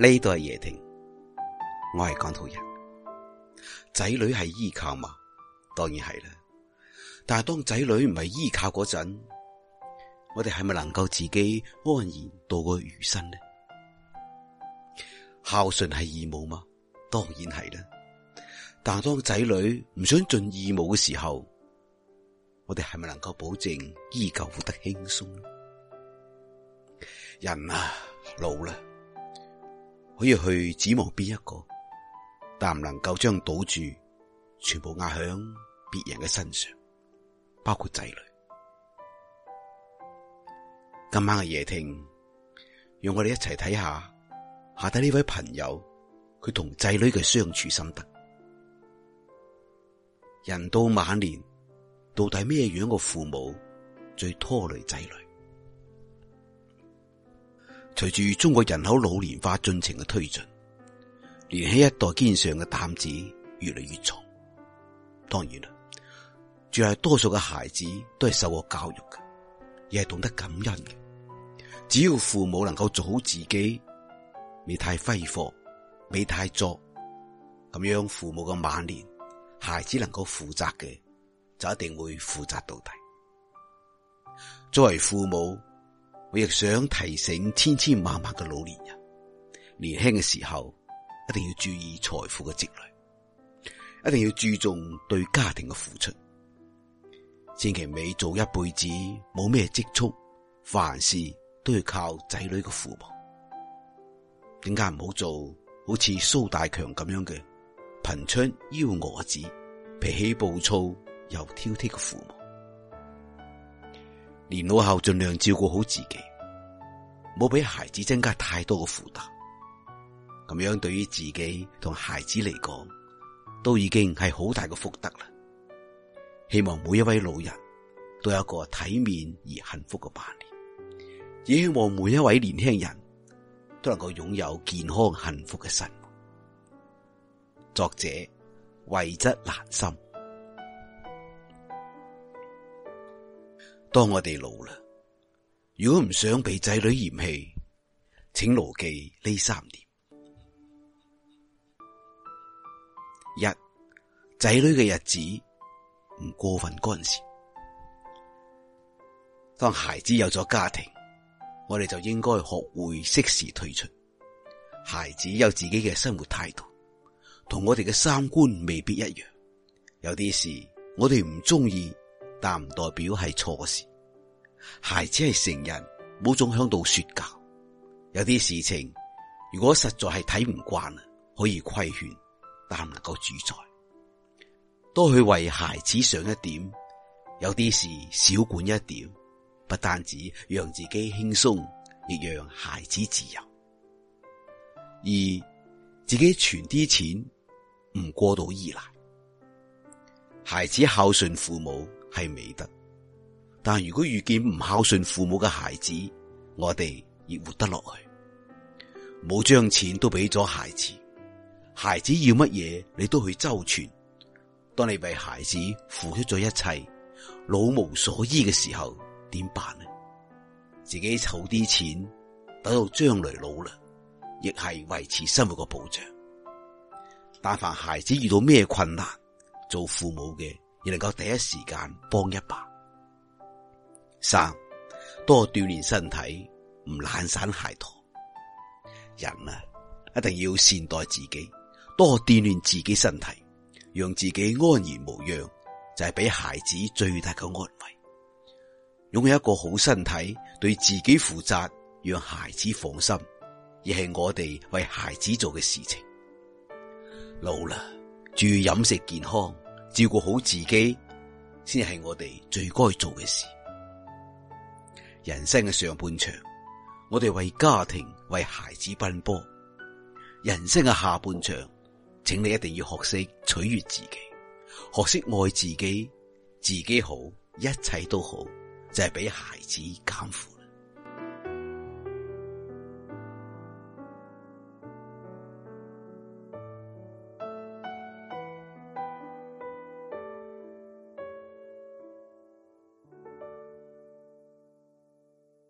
呢度係夜亭，我係港土人，仔女係依靠嘛，當然係啦。但係當仔女唔係依靠嗰陣，我哋係咪能夠自己安然度過餘生呢？孝順係義務嘛，當然係啦。但係當仔女唔想盡義務嘅時候，我哋係咪能夠保證依舊活得輕鬆呢？人啊老啦。可以去指望邊一個，但唔能夠將賭注全部壓響別人嘅身上，包括仔女。今晚嘅夜聽，讓我哋一齊睇下，下底呢位朋友，佢同仔女嘅相處心得。人到晚年，到底咩樣嘅父母最拖累仔女？隨住中國人口老年化進程嘅推進，年輕一代肩上嘅擔子越嚟越重。當然啦，絕大多數嘅孩子都係受過教育嘅，亦係懂得感恩嘅。只要父母能夠做好自己，未太揮霍，未太作，咁樣父母嘅晚年，孩子能夠負責嘅，就一定會負責到底。作為父母，我亦想提醒千千萬萬嘅老年人，年輕嘅時候一定要注意財富嘅積累，一定要注重對家庭嘅付出。千祈未做一輩子冇咩積蓄，凡事都要靠仔女嘅父母。點解唔好做好似蘇大強咁樣嘅頻出幺蛾子，脾氣暴躁又挑剔嘅父母？年老後盡量照顧好自己，唔好俾孩子增加太多嘅負擔，咁樣對於自己同孩子嚟講，都已經係好大嘅福德啦。希望每一位老人都有一個體面而幸福嘅晚年，也希望每一位年輕人都能夠擁有健康幸福嘅生活。作者：魏則難心。當我哋老啦，如果唔想俾仔女嫌棄，請牢記呢三點：一、仔女嘅日子唔過分干涉；當孩子有咗家庭，我哋就應該學會適時退出。孩子有自己嘅生活態度，同我哋嘅三觀未必一樣。有啲事我哋唔中意，但唔代表係錯事。孩子係成人，唔好總向度說教。有啲事情如果實在係睇唔慣，可以規勸，但唔能夠主宰。多去為孩子想一點，有啲事少管一點，不單止讓自己輕鬆，亦讓孩子自由。而自己存啲錢，唔過度依賴。孩子孝順父母係美德。但如果遇見唔孝順父母嘅孩子，我哋亦活得落去，冇將錢都俾咗孩子，孩子要乜嘢你都去周全。當你為孩子付出咗一切，老無所依嘅時候，點辦呢？自己儲啲錢，等到將來老啦，亦係維持生活嘅保障。但凡孩子遇到咩困難，做父母嘅亦能夠第一時間幫一把。三多鍛煉身體，唔懶散懈怠。人啊，一定要善待自己，多鍛煉自己身體，讓自己安然無恙，就係、是、俾孩子最大嘅安慰。擁有一個好身體，對自己負責，讓孩子放心，亦係我哋為孩子做嘅事情。老啦，注意飲食健康，照顧好自己，先係我哋最該做嘅事。人生嘅上半場，我哋為家庭為孩子奔波；人生嘅下半場，請你一定要學識取悅自己，學識愛自己，自己好，一切都好，就係俾孩子減負。